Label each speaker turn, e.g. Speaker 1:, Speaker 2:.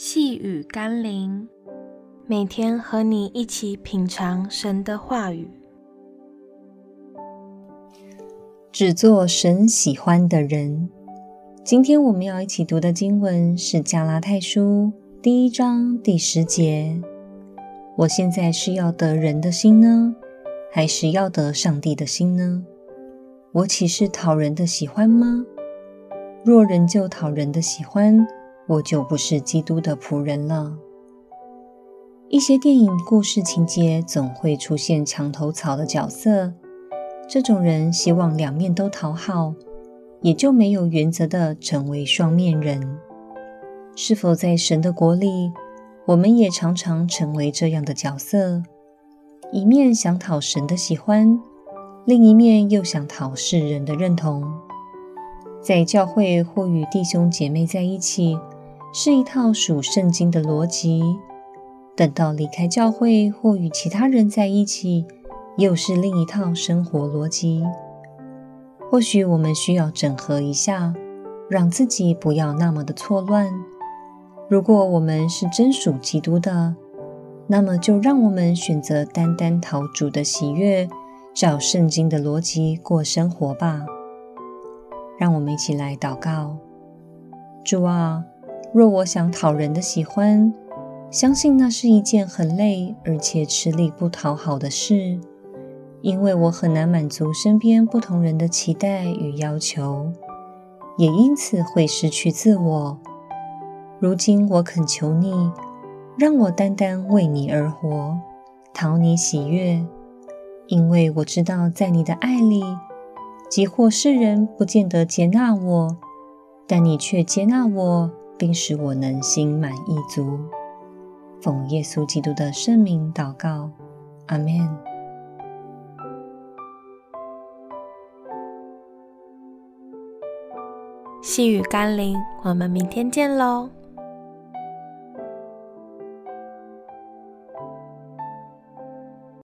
Speaker 1: 細語甘霖，每天和你一起品嘗神的話語，只做神喜歡的人。今天我們要一起讀的經文是《加拉太書》第一章第十節。我現在是要得人的心呢，還是要得上帝的心呢？我豈是討人的喜歡嗎？若人就討人的喜歡。我就不是基督的僕人了。一些電影故事情節總會出現牆頭草的角色，這種人希望兩面都討好，也就沒有原則地成為雙面人。是否在神的國裡，我們也常常成為這樣的角色，一面想討神的喜歡，另一面又想討世人的認同。在教會或與弟兄姐妹在一起，是一套屬聖經的邏輯，等到離開教會或與其他人在一起，又是另一套生活邏輯。或許我們需要整合一下，讓自己不要那麼的錯亂。如果我們是真屬基督的，那麼就讓我們選擇單單討主的喜悅，照聖經的邏輯過生活吧。讓我們一起來禱告，主啊。若我想討人的喜歡，相信那是一件很累而且吃力不討好的事，因為我很難滿足身邊不同人的期待與要求，也因此會失去自我。如今我懇求你，讓我單單為你而活，討你喜悅，因為我知道在你的愛裡，即或世人不見得接納我，但你卻接納我。並使我能心滿意足。奉耶穌基督的聖名禱告，阿門。細語甘霖，我們明天見嘍。